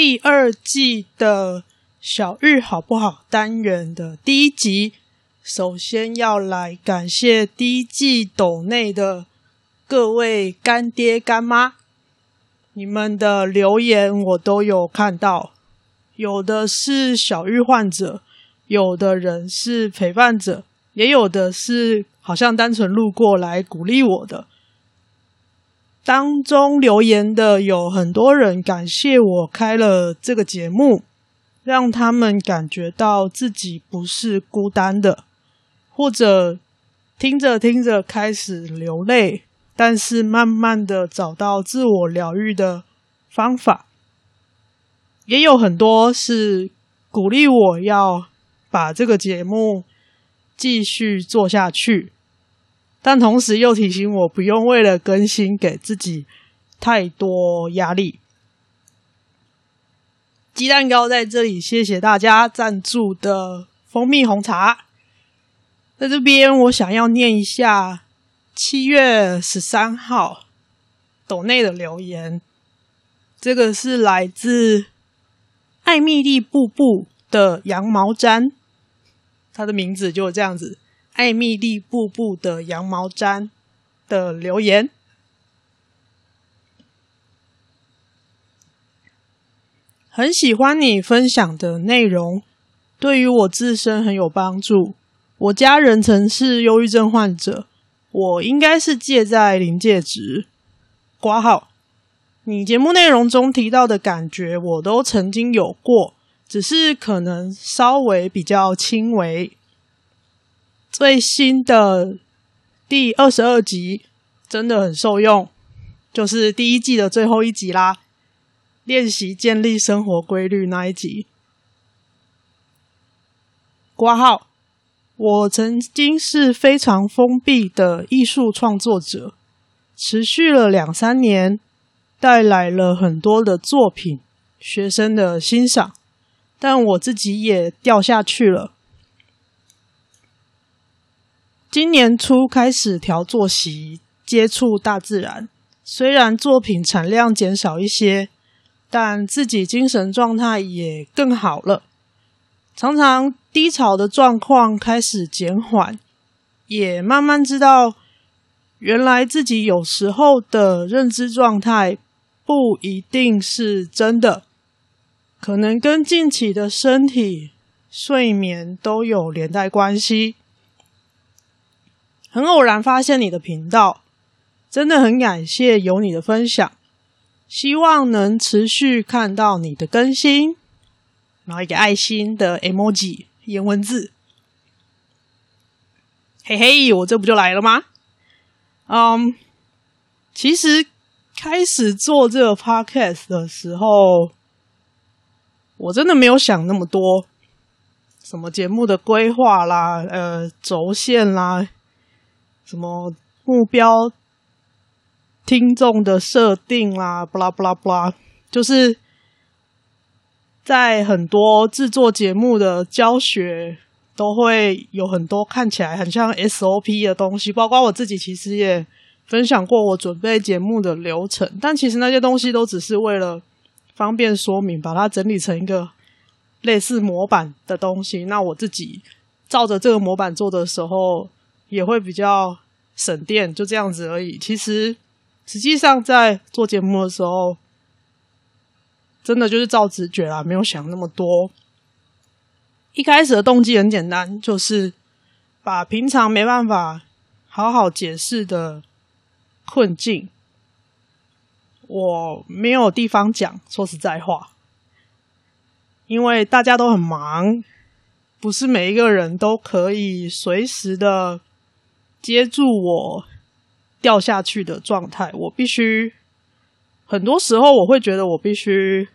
第二季的小鬱好不好？單元的第一集，首先要來感謝第一季抖內的各位乾爹乾媽，你們的留言我都有看到，有的是小鬱患者，有的人是陪伴者，也有的是好像單純路過來鼓勵我的。當中留言的有很多人感謝我開了這個節目，讓他們感覺到自己不是孤單的，或者聽着聽着開始流淚，但是慢慢的找到自我療癒的方法。也有很多是鼓勵我要把這個節目繼續做下去。但同時又提醒我，不用為了更新給自己太多壓力。雞蛋糕在這裡，謝謝大家贊助的蜂蜜紅茶。在這邊，我想要念一下七月十三號抖內的留言。這個是來自艾蜜莉·布布的羊毛氈，它的名字就是這樣子。艾米麗·布布的羊毛氈的留言，很喜歡你分享的內容，對於我自身很有幫助。我家人曾是憂鬱症患者，我應該是介在臨界值。括號，你節目內容中提到的感覺，我都曾經有過，只是可能稍微比較輕微。最新的第二十二集真的很受用，就是第一季的最後一集啦，練習建立生活規律那一集。掛號，我曾經是非常封閉的藝術創作者，持續了兩三年，帶來了很多的作品，學生的欣賞，但我自己也掉下去了。今年初開始調作息，接觸大自然。雖然作品產量減少一些，但自己精神狀態也更好了。常常低潮的狀況開始減緩，也慢慢知道，原來自己有時候的認知狀態不一定是真的，可能跟近期的身體、睡眠都有連帶關係。很偶然發現你的頻道，真的很感謝有你的分享，希望能持續看到你的更新。然後一個愛心的 emoji，顏文字。嘿嘿，我這不就來了嗎？嗯，um，其實開始做這個 podcast 的時候，我真的沒有想那麼多，什麼節目的規劃啦，呃，軸線啦。什麼目標聽眾的設定啦、啊，巴拉巴拉巴拉，就是在很多製作節目的教學，都會有很多看起來很像 SOP 的東西，包括我自己其實也分享過我準備節目的流程，但其實那些東西都只是為了方便說明，把它整理成一個類似模板的東西。那我自己照着這個模板做的時候，也會比較省電，就這樣子而已。其實，實際上在做節目的時候，真的就是照直覺啦，沒有想那麼多。一開始的動機很簡單，就是把平常沒辦法好好解釋的困境，我沒有地方講。說實在話，因為大家都很忙，不是每一個人都可以隨時的。接住我掉下去的狀態，我必須很多時候我會覺得我必須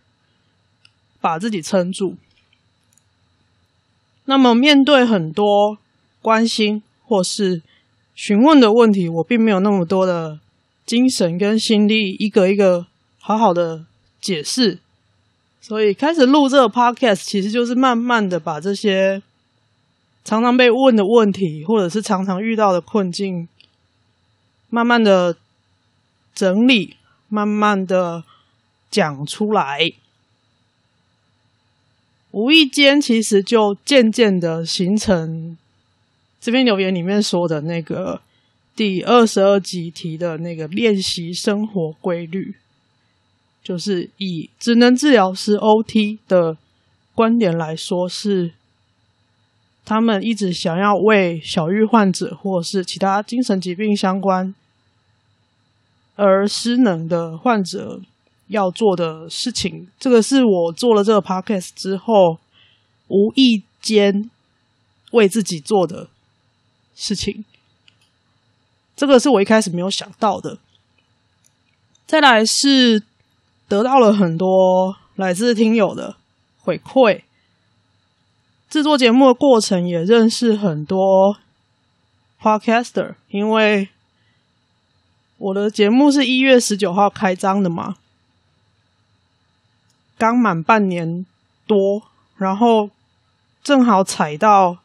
把自己撐住。那麼面對很多關心或是詢問的問題，我並沒有那麼多的精神跟心力，一個一個好好的解釋。所以開始錄這個 podcast，其實就是慢慢的把這些。常常被問的問題，或者是常常遇到的困境，慢慢的整理，慢慢的講出來，無意間其實就漸漸的形成這邊留言裡面說的那個第二十二集提的那個練習生活規律，就是以職能治療師 OT 的觀點來說是。他們一直想要為小鬱患者，或者是其他精神疾病相關而失能的患者要做的事情，這個是我做了這個 Podcast 之後無意間為自己做的事情。這個是我一開始沒有想到的。再來是得到了很多來自聽友的回饋。製作節目的過程也認識很多 podcaster，因為我的節目是一月十九號開張的嘛，剛滿半年多，然後正好踩到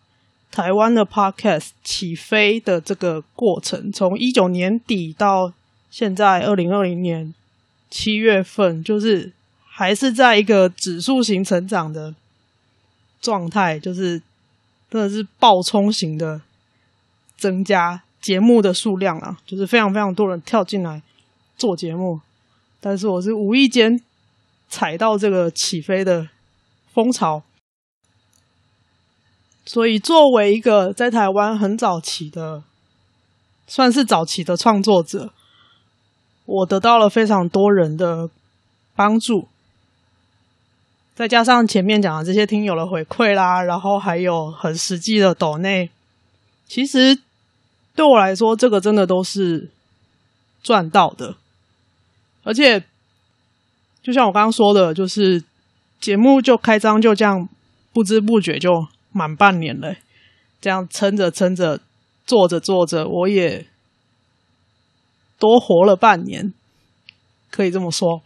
台灣的 podcast 起飛的這個過程，從一九年底到現在二零二零年七月份，就是還是在一個指數型成長的。狀態，就是真的是暴衝型的增加節目的數量啊，就是非常非常多人跳進來做節目，但是我是無意間踩到這個起飛的風潮，所以作為一個在台灣很早期的，算是早期的創作者，我得到了非常多人的幫助。再加上前面講的這些聽友的回饋啦，然後還有很實際的抖內，其實對我來說，這個真的都是賺到的。而且，就像我剛剛說的，就是節目就開張就這樣，不知不覺就滿半年嘞，這樣撐着撐着，做着做着，我也多活了半年，可以這麼說。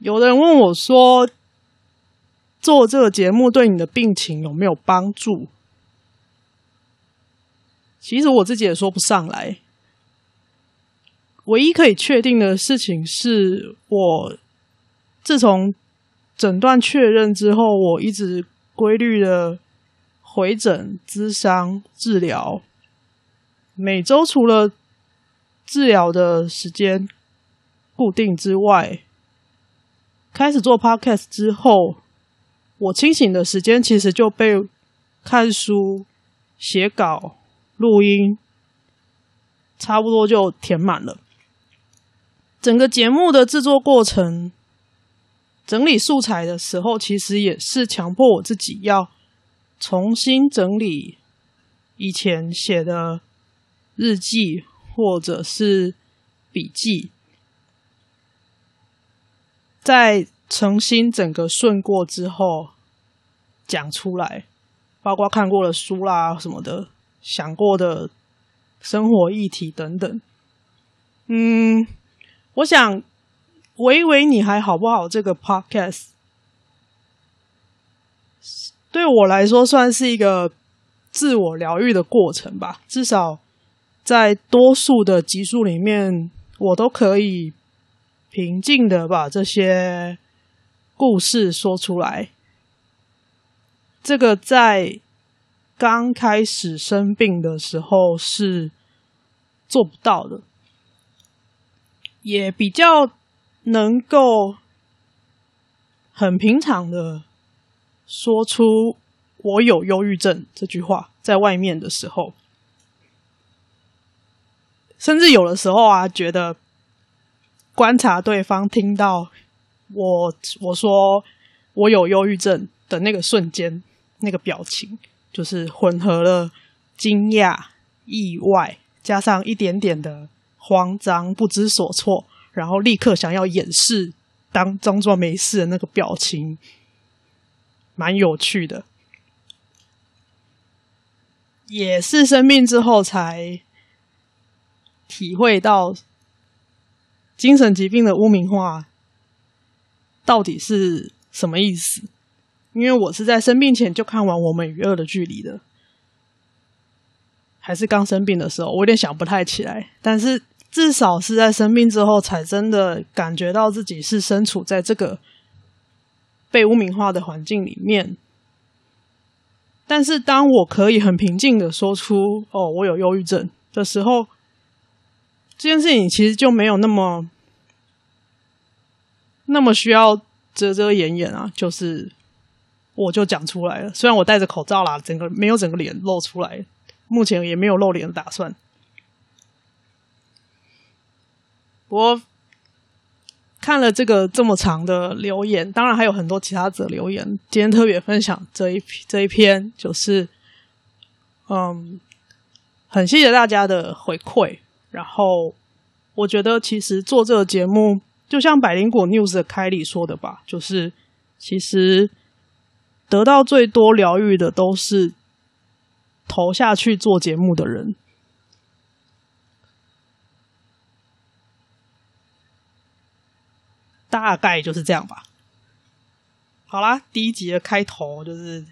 有的人問我說，做這個節目對你的病情有沒有幫助？其實我自己也說不上來。唯一可以確定的事情是我自從診斷確認之後，我一直規律的回診、諮商、治療。每周除了治療的時間固定之外，開始做 Podcast 之後。我清醒的時間其實就被看書、寫稿、錄音，差不多就填滿了。整個節目的製作過程，整理素材的時候，其實也是強迫我自己要重新整理以前寫的日記或者是筆記，在，重新整個順過之後講出來，包括看過的書啦、啊、什麼的，想過的生活議題等等。嗯，我想喂喂你還好不好，這個 Podcast 對我來說算是一個自我療癒的過程吧。至少在多數的集數裡面，我都可以平靜的把這些。故事說出來，這個在剛開始生病的時候是做不到的，也比較能夠很平常的說出“我有憂鬱症”這句話，在外面的時候，甚至有的時候啊，覺得觀察對方聽到。我我說我有憂鬱症的那個瞬間，那個表情就是混合了驚訝、意外，加上一點點的慌張、不知所措，然後立刻想要掩飾，當裝作沒事的那個表情，蠻有趣的。也是生病之後才體會到精神疾病的污名化。到底是什麼意思？因為我是在生病前就看完《我們與惡的距離》的，還是剛生病的時候，我有點想不太起來。但是至少是在生病之後，才真的感覺到自己是身處在這個被污名化的環境裡面。但是，當我可以很平靜的說出“哦，我有憂鬱症”的時候，這件事情其實就沒有那麼……那麼需要遮遮掩掩啊，就是我就講出來了。雖然我戴着口罩啦，整個沒有整個臉露出來，目前也沒有露臉的打算。我看了這個這麼長的留言，當然還有很多其他者留言。今天特別分享這一這一篇，就是嗯，很謝謝大家的回饋。然後我覺得其實做這個節目，就像百靈果 news 的凱莉說的吧，就是其實得到最多療癒的都是投下去做節目的人，大概就是這樣吧。好啦，第一集的開頭就是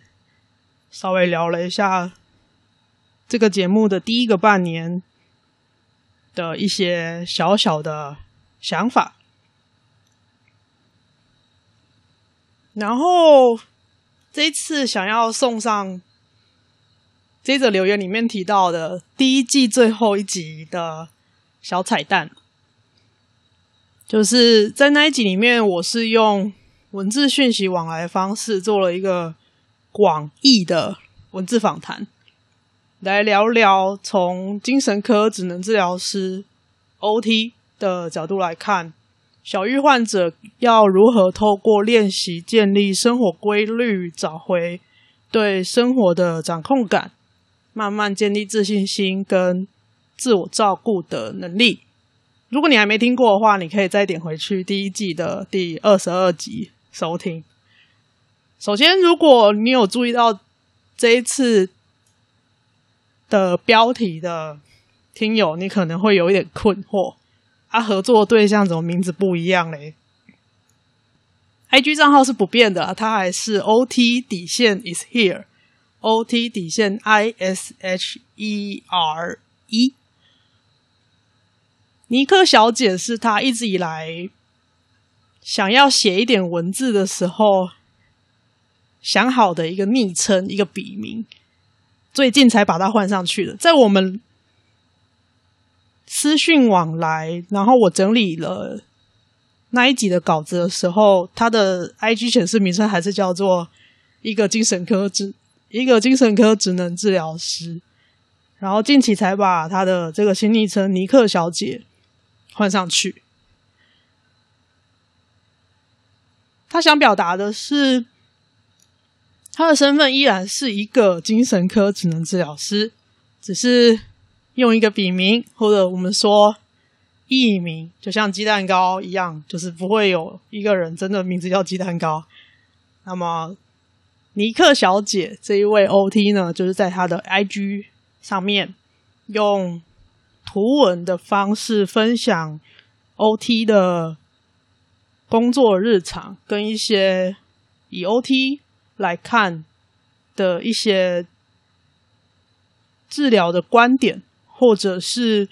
稍微聊了一下這個節目的第一個半年的一些小小的想法。然後，這一次想要送上接着留言裡面提到的第一季最後一集的小彩蛋，就是在那一集裡面，我是用文字訊息往來方式做了一個廣義的文字訪談，來聊聊從精神科職能治療師 OT 的角度來看。小鬱患者要如何透過練習建立生活規律，找回對生活的掌控感，慢慢建立自信心跟自我照顧的能力？如果你還沒聽過的話，你可以再點回去第一季的第二十二集收聽。首先，如果你有注意到這一次的標題的聽友，你可能會有一點困惑。他、啊、合作的對象怎麼名字不一樣嘞？I G 賬號是不變的，他還是 O T 底線 is here，O T 底線 I S H E R E。尼克小姐是他一直以來想要寫一點文字的時候想好的一個昵稱，一個筆名，最近才把它換上去的，在我們。私訊往來，然後我整理了那一集的稿子的時候，他的 IG 顯示名稱還是叫做一個精神科“一個精神科職一個精神科職能治療師”，然後近期才把他的這個新昵稱“尼克小姐”換上去。他想表達的是，他的身份依然是一個精神科職能治療師，只是。用一個筆名或者我們說藝名，就像雞蛋糕一樣，就是不會有一個人真的名字叫雞蛋糕。那麼，尼克小姐這一位 OT 呢，就是在她的 IG 上面用圖文的方式分享 OT 的工作日常，跟一些以 OT 來看的一些治療的觀點。或者是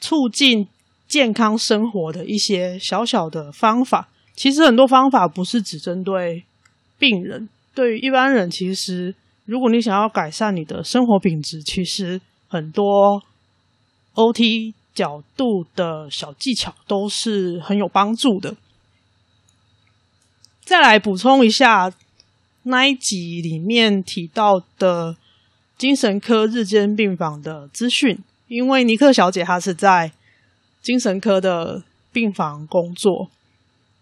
促進健康生活的一些小小的方法，其實很多方法不是只針對病人，對於一般人，其實如果你想要改善你的生活品質，其實很多 OT 角度的小技巧都是很有幫助的。再來補充一下。那一集裡面提到的精神科日間病房的資訊，因為尼克小姐她是在精神科的病房工作。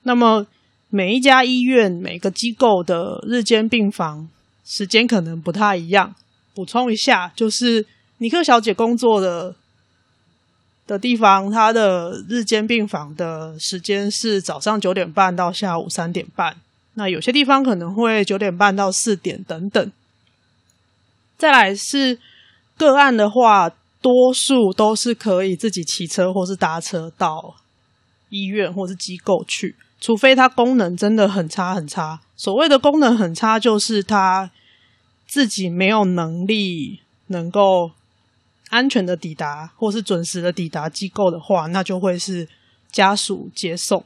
那麼每一家醫院、每個機構的日間病房時間可能不太一樣。補充一下，就是尼克小姐工作的的地方，她的日間病房的時間是早上九點半到下午三點半。那有些地方可能會九點半到四點等等。再來是個案的話，多數都是可以自己騎車或是搭車到醫院或是機構去，除非他功能真的很差很差。所謂的功能很差，就是他自己沒有能力能夠安全的抵達或是準時的抵達機構的話，那就會是家屬接送。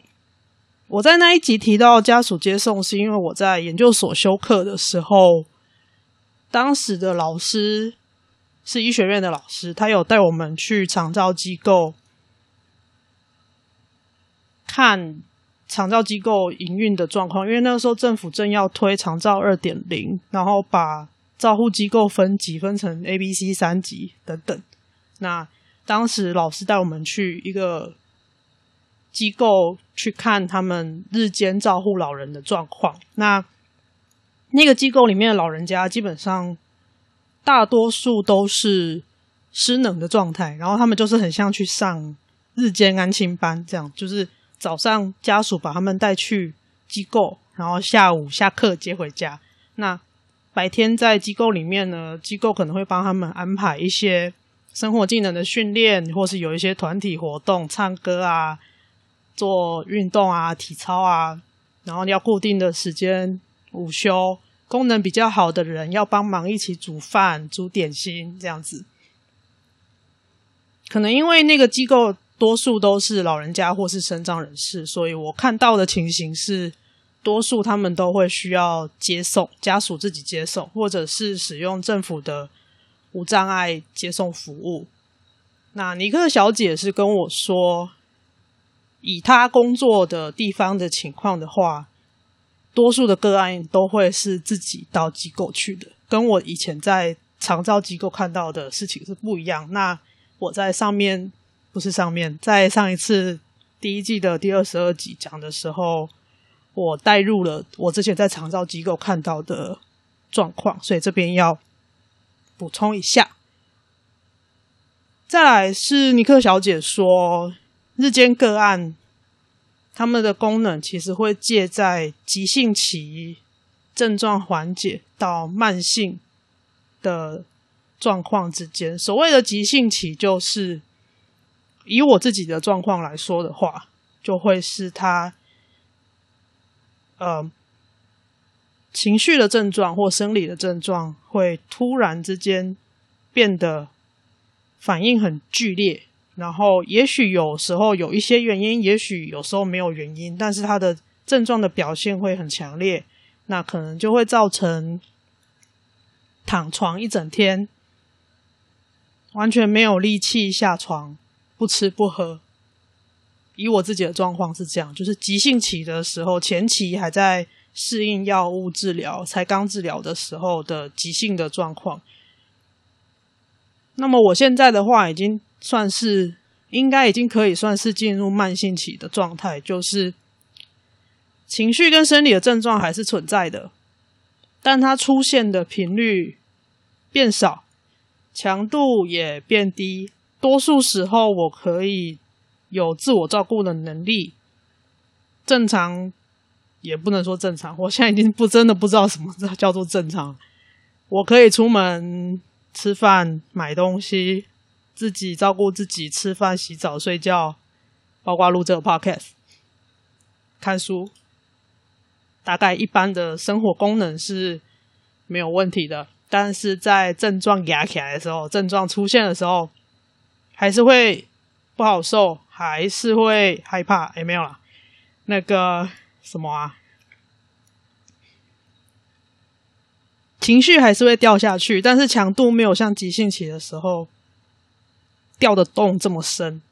我在那一集提到家屬接送，是因為我在研究所修課的時候，當時的老師是醫學院的老師，他有帶我們去長照機構看長照機構營運的狀況。因為那個時候政府正要推長照二點零，然後把照護機構分級分成 A、B、C 三級等等。那當時老師帶我們去一個機構。去看他們日間照顧老人的狀況。那那個機構裡面的老人家基本上大多數都是失能的狀態，然後他們就是很像去上日間安親班這樣，就是早上家屬把他們帶去機構，然後下午下課接回家。那白天在機構裡面呢，機構可能會幫他們安排一些生活技能的訓練，或是有一些團體活動，唱歌啊，做運動啊，體操啊，然後要固定的時間午休。功能比較好的人要幫忙一起煮飯、煮點心這樣子。可能因為那個機構多數都是老人家或是身障人士，所以我看到的情形是，多數他們都會需要接送，家屬自己接送，或者是使用政府的無障礙接送服務。那尼克小姐是跟我說。以他工作的地方的情況的話，多數的個案都會是自己到機構去的，跟我以前在長照機構看到的事情是不一樣。那我在上面，不是上面，在上一次第一季的第二十二集講的時候，我帶入了我之前在長照機構看到的狀況，所以這邊要補充一下。再來是尼克小姐說。日間個案，他們的功能其實會介在急性期症狀緩解到慢性的狀況之間。所謂的急性期，就是以我自己的狀況來說的話，就會是他，呃，情緒的症狀或生理的症狀會突然之間變得反應很劇烈。然後，也許有時候有一些原因，也許有時候沒有原因，但是他的症狀的表現會很強烈，那可能就會造成躺床一整天，完全沒有力氣下床，不吃不喝。以我自己的狀況是這樣，就是急性期的時候，前期還在適應藥物治療，才剛治療的時候的急性的狀況。那麼我現在的話，已經。算是應該已經可以算是進入慢性期的狀態，就是情緒跟生理的症狀還是存在的，但它出現的頻率變少，強度也變低。多數時候我可以有自我照顧的能力，正常也不能說正常。我現在已經不真的不知道什麼叫做正常。我可以出門吃飯、買東西。自己照顧自己，吃飯、洗澡、睡覺，包括錄這個 podcast、看書，大概一般的生活功能是沒有問題的。但是在症狀壓起來的時候，症狀出現的時候，還是會不好受，還是會害怕。有、欸、沒有了，那個什麼啊？情緒還是會掉下去，但是強度沒有像急性期的時候。掉的洞這麼深，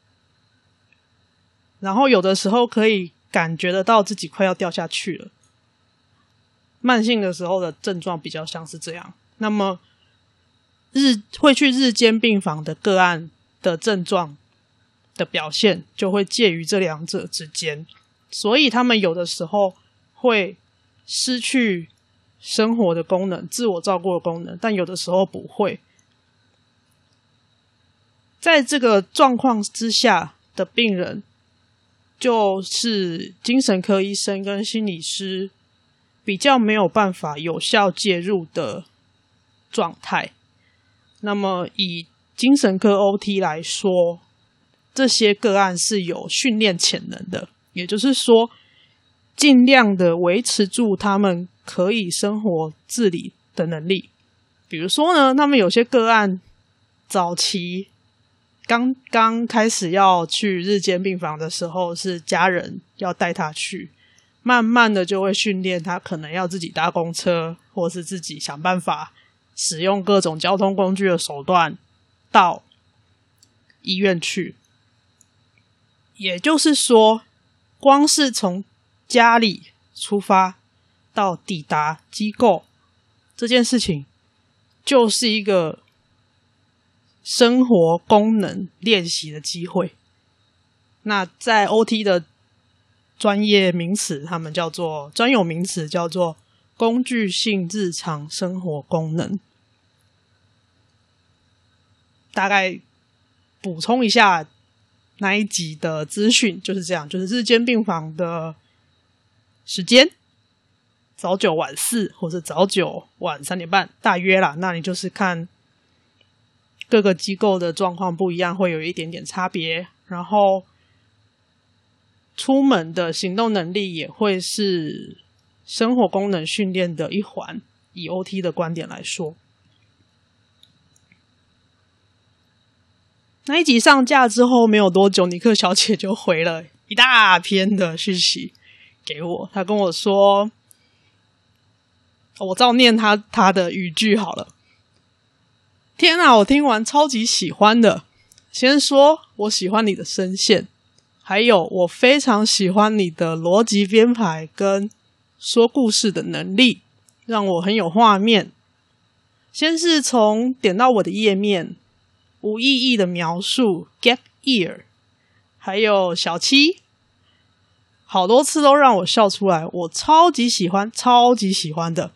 然後有的時候可以感覺得到自己快要掉下去了。慢性的時候的症狀比較像是這樣，那麼日會去日間病房的個案的症狀的表現就會介於這兩者之間，所以他們有的時候會失去生活的功能、自我照顧的功能，但有的時候不會。在這個狀況之下的病人，就是精神科醫生跟心理師比較沒有辦法有效介入的狀態。那麼以精神科 OT 來說，這些個案是有訓練潛能的，也就是說，盡量的維持住他們可以生活自理的能力。比如說呢，他們有些個案早期。剛剛開始要去日間病房的時候，是家人要帶他去。慢慢的就會訓練他，可能要自己搭公車，或是自己想辦法使用各種交通工具的手段到醫院去。也就是說，光是從家裡出發到抵達機構這件事情，就是一個。生活功能練習的機會，那在 OT 的專業名詞，他們叫做專有名詞叫做工具性日常生活功能。大概補充一下那一集的資訊，就是這樣，就是日間病房的時間，早九晚四，或者早九晚三點半，大約啦。那你就是看。各個機構的狀況不一樣，會有一點點差別。然後出門的行動能力也會是生活功能訓練的一環，以 OT 的觀點來說。那一集上架之後沒有多久，尼克小姐就回了一大篇的訊息給我。她跟我說，我照念她她的語句好了。天啊，我聽完超級喜歡的。先說我喜歡你的聲線，還有我非常喜歡你的邏輯編排跟說故事的能力，讓我很有畫面。先是從點到我的頁面，無意義的描述 get ear，還有小七，好多次都讓我笑出來，我超級喜歡，超級喜歡的。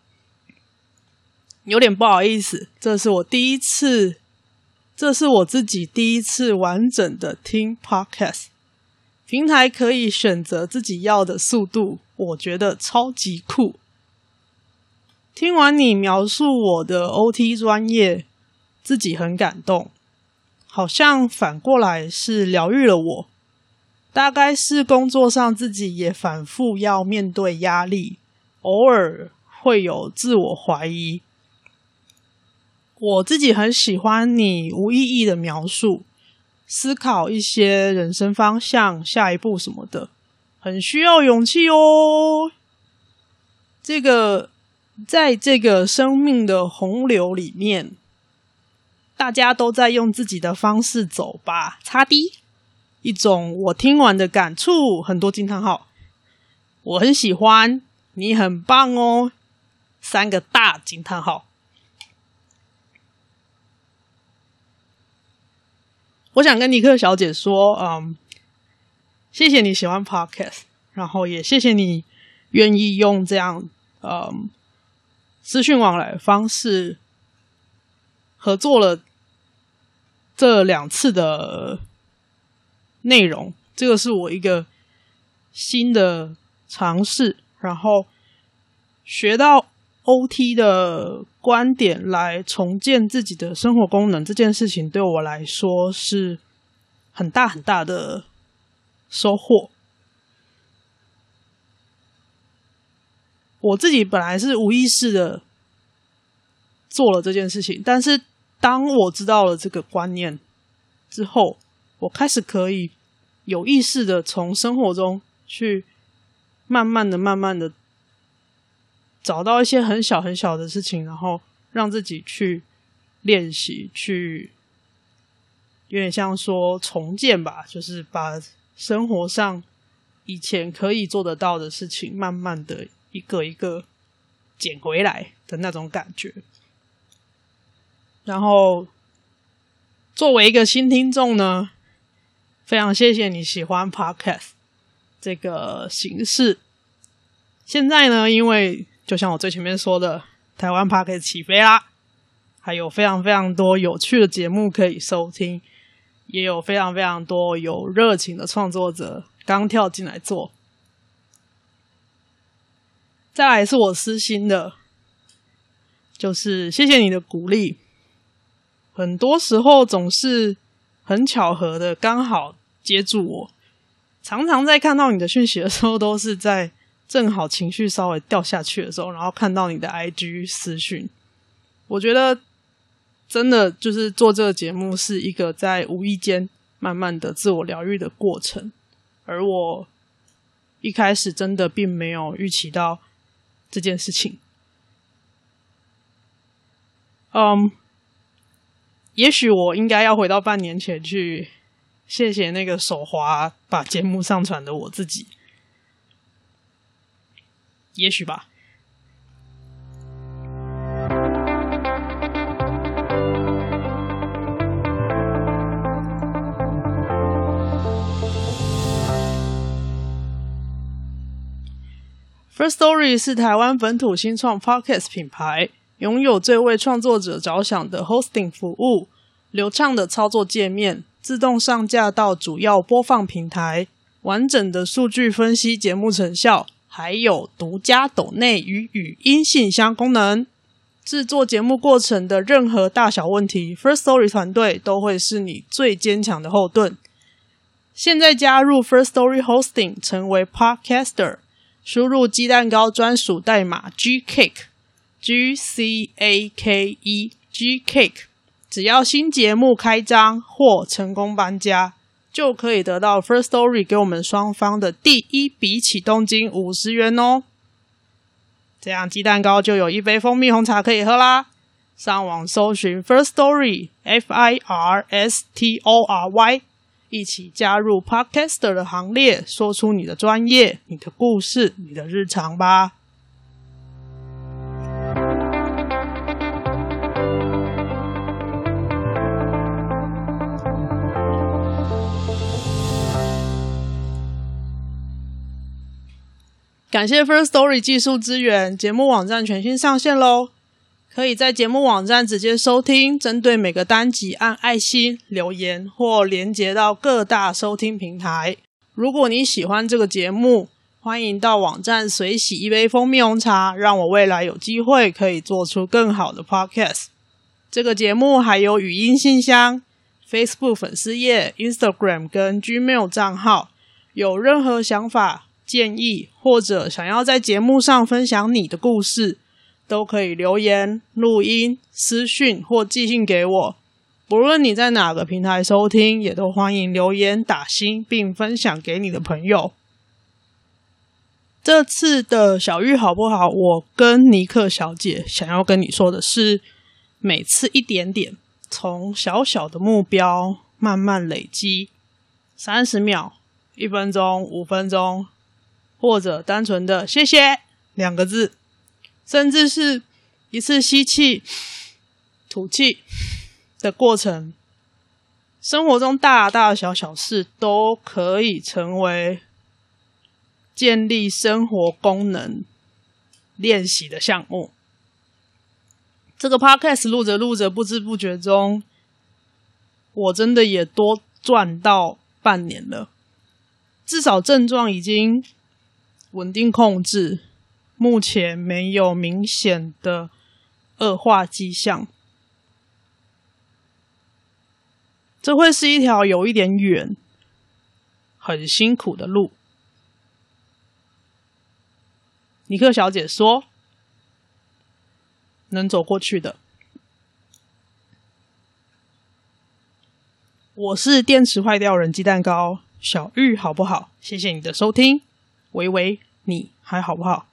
有點不好意思，這是我第一次，這是我自己第一次完整的聽 podcast。平台可以選擇自己要的速度，我覺得超級酷。聽完你描述我的 OT 專業，自己很感動，好像反過來是療癒了我。大概是工作上自己也反覆要面對壓力，偶爾會有自我懷疑。我自己很喜歡你無意義的描述，思考一些人生方向、下一步什麼的，很需要勇氣哦。這個在這個生命的洪流裡面，大家都在用自己的方式走吧。擦滴，一種我聽完的感觸，很多驚嘆號。我很喜歡你，很棒哦，三個大驚嘆號。我想跟尼克小姐說，嗯，謝謝你喜歡 Podcast，然後也謝謝你願意用這樣嗯，資訊往來的方式合作了這兩次的內容，這個是我一個新的嘗試，然後學到。OT 的觀點來重建自己的生活功能這件事情，對我來說是很大很大的收穫。我自己本來是無意識的做了這件事情，但是當我知道了這個觀念之後，我開始可以有意識的從生活中去慢慢的、慢慢的，找到一些很小很小的事情，然後讓自己去練習，去有點像說重建吧，就是把生活上以前可以做得到的事情，慢慢的一個一個撿回來的那種感覺。然後作為一個新聽眾呢，非常謝謝你喜歡 Podcast 這個形式。現在呢，因為就像我最前面說的，台灣 p 可以起飛啦！還有非常非常多有趣的節目可以收聽，也有非常非常多有熱情的創作者剛跳進來做。再來是我私心的，就是謝謝你的鼓勵。很多時候總是很巧合的剛好接住我，常常在看到你的訊息的時候都是在，正好情緒稍微掉下去的時候，然後看到你的 IG 私訊，我覺得真的就是做這個節目是一個在無意間慢慢的自我療癒的過程，而我一開始真的並沒有預期到這件事情。嗯，也許我應該要回到半年前去，謝謝那個手滑把節目上傳的我自己。也許吧。Firstory 是台灣本土新創 Podcast 品牌，擁有最為創作者着想的 Hosting 服務，流暢的操作界面，自動上架到主要播放平台，完整的數據分析節目成效。還有獨家抖內與語音信箱功能，製作節目過程的任何大小問題，First Story 團隊都會是你最堅強的後盾。現在加入 First Story Hosting，成為 Podcaster，輸入雞蛋糕專屬代碼 G Cake，G C A K E G Cake，只要新節目開張或成功搬家。就可以得到 Firstory 給我們雙方的第一筆啟動金五十元哦。這樣雞蛋糕就有一杯蜂蜜紅茶可以喝啦。上網搜尋 Firstory F I R S T O R Y，一起加入 Podcaster 的行列，說出你的專業、你的故事、你的日常吧。感謝 First Story 技術支援，節目網站全新上線嘍！可以在節目網站直接收聽，針對每個單集按愛心留言，或連接到各大收聽平台。如果你喜歡這個節目，歡迎到網站隨喜一杯蜂蜜紅茶，讓我未來有機會可以做出更好的 podcast。這個節目還有語音信箱、Facebook 粉絲頁、Instagram 跟 Gmail 賬號，有任何想法。建議或者想要在節目上分享你的故事，都可以留言、錄音、私訊或寄信給我。不論你在哪個平台收聽，也都歡迎留言、打新並分享給你的朋友。這次的小鬱好不好，我跟尼克小姐想要跟你說的是，每次一點點，從小小的目標慢慢累積，三十秒、一分鐘、五分鐘。或者單純的“謝謝”兩個字，甚至是一次吸氣、吐氣的過程，生活中大大小小事都可以成為建立生活功能練習的項目。這個 Podcast 錄着錄着，不知不覺中，我真的也多賺到半年了，至少症狀已經穩定控制，目前沒有明顯的惡化跡象。這會是一條有一點遠、很辛苦的路。尼克小姐說：“能走過去的。”我是電池壞掉人雞蛋糕小鬱，好不好？謝謝你的收聽。喂喂，你還好不好？